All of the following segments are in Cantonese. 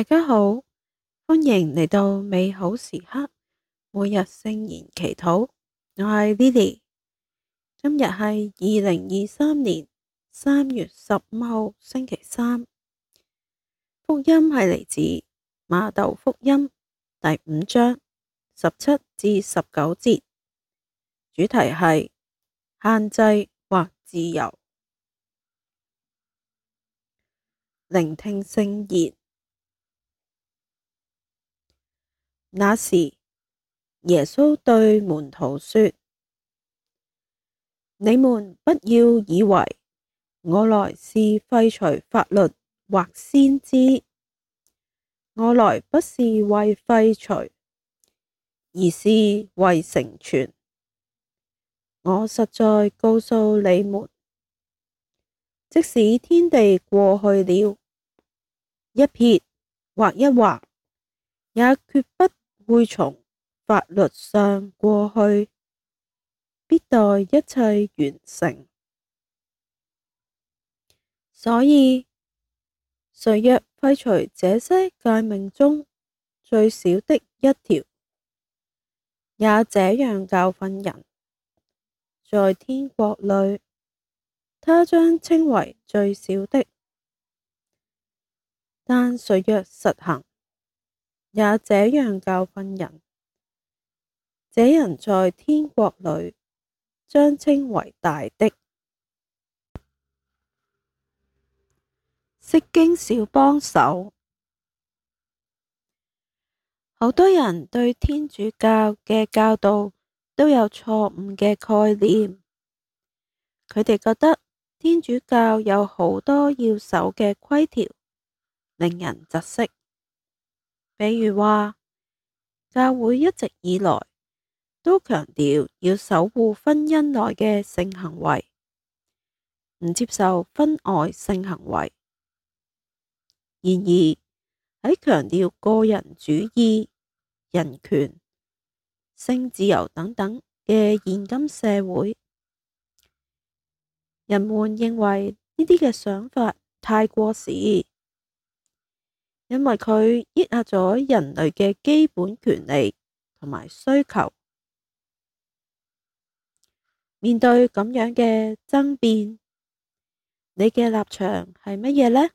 大家好，歡迎嚟到美好時刻，每日聖言祈禱。我係 Lily，今日係二零二三年三月十五號星期三，福音係嚟自瑪竇福音第五章十七至十九節，主題係限制或自由，聆聽聖言。那時，耶穌對門徒說：你們不要以為我來是廢除法律或先知，我來不是為廢除，而是為成全。我實在告訴你們，即使天地過去了，一撇或一劃，也決不會從法律上過去，必待一切完成。所以，誰若廢除這些誡命中最小的一條，也這樣教訓人，在天國裏，他將稱為最小的。但誰若實行，也這樣教訓人，這人在天國裏將稱為大的。釋經小幫手，好多人對天主教嘅教導都有錯誤嘅概念，佢哋覺得天主教有好多要守嘅規條，令人窒息。比如話，教會一直以來都強調要守護婚姻內嘅性行為，唔接受婚外性行為。然而，喺強調個人主義、人權、性自由等等嘅現今社會，人們認為呢啲嘅想法太過時。因為佢壓抑咗人類嘅基本權利同埋需求，面對咁樣嘅爭辯，你嘅立場係乜嘢呢？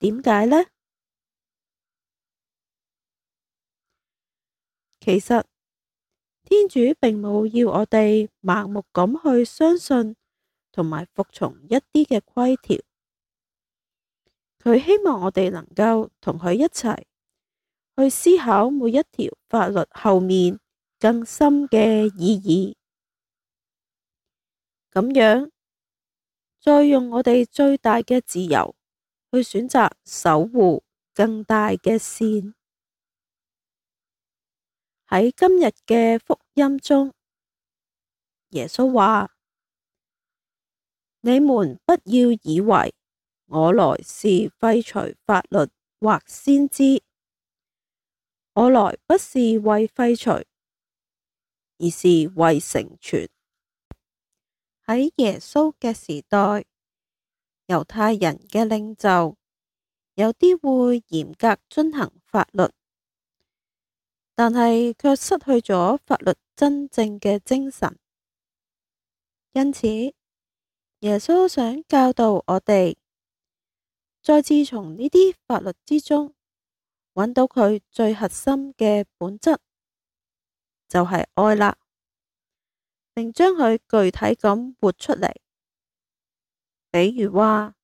點解呢？其實天主並冇要我哋盲目咁去相信同埋服從一啲嘅規條。佢希望我哋能夠同佢一齊去思考每一條法律後面更深嘅意義，咁樣再用我哋最大嘅自由去選擇守護更大嘅善。喺今日嘅福音中，耶穌話：你們不要以為。我來是廢除法律或先知，我來不是為廢除，而是為成全。喺耶穌嘅時代，猶太人嘅領袖有啲會嚴格遵行法律，但係卻失去咗法律真正嘅精神。因此，耶穌想教導我哋。再次從呢啲法律之中揾到佢最核心嘅本質，就係愛啦，並將佢具體咁活出嚟。比如話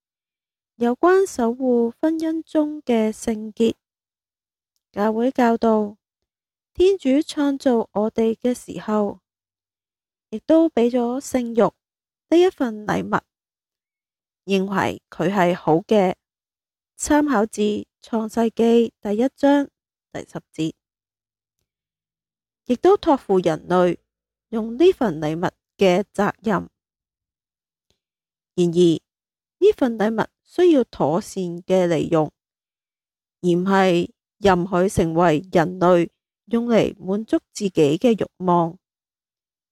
有關守護婚姻中嘅聖潔，教會教導天主創造我哋嘅時候，亦都畀咗性欲呢一份禮物，認為佢係好嘅。參考自《創世記》第一章第十節，亦都託付人類用呢份禮物嘅責任。然而，呢份禮物需要妥善嘅利用，而唔係任佢成為人類用嚟滿足自己嘅欲望、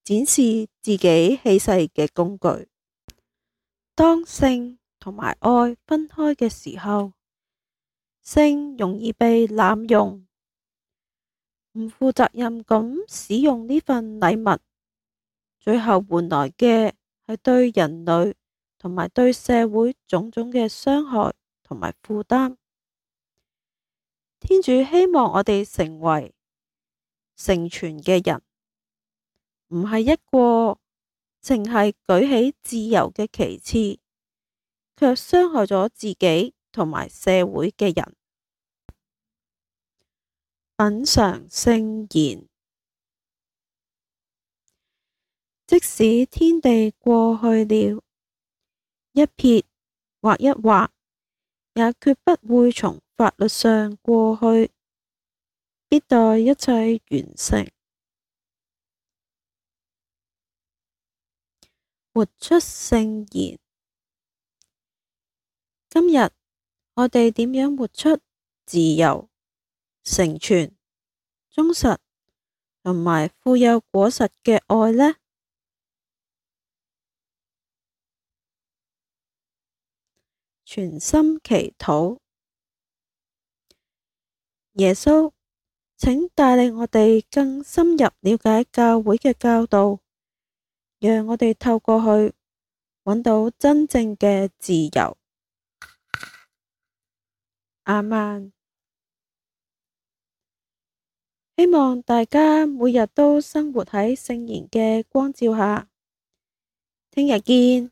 展示自己氣勢嘅工具。當性同埋愛分開嘅時候，性容易被濫用，唔負責任咁使用呢份禮物，最後換來嘅係對人類同埋對社會種種嘅傷害同埋負擔。天主希望我哋成為成全嘅人，唔係一個淨係舉起自由嘅旗幟，卻傷害咗自己同埋社會嘅人。品嚐聖言，即使天地過去了，一撇或一劃，也絕不會從法律上過去。必待一切完成。活出聖言。今日我哋點樣活出自由、成全、忠實同埋富有果實嘅愛呢？全心祈禱，耶穌請帶領我哋更深入了解教會嘅教導，讓我哋透過佢揾到真正嘅自由。阿門。希望大家每日都生活喺聖言嘅光照下。聽日見。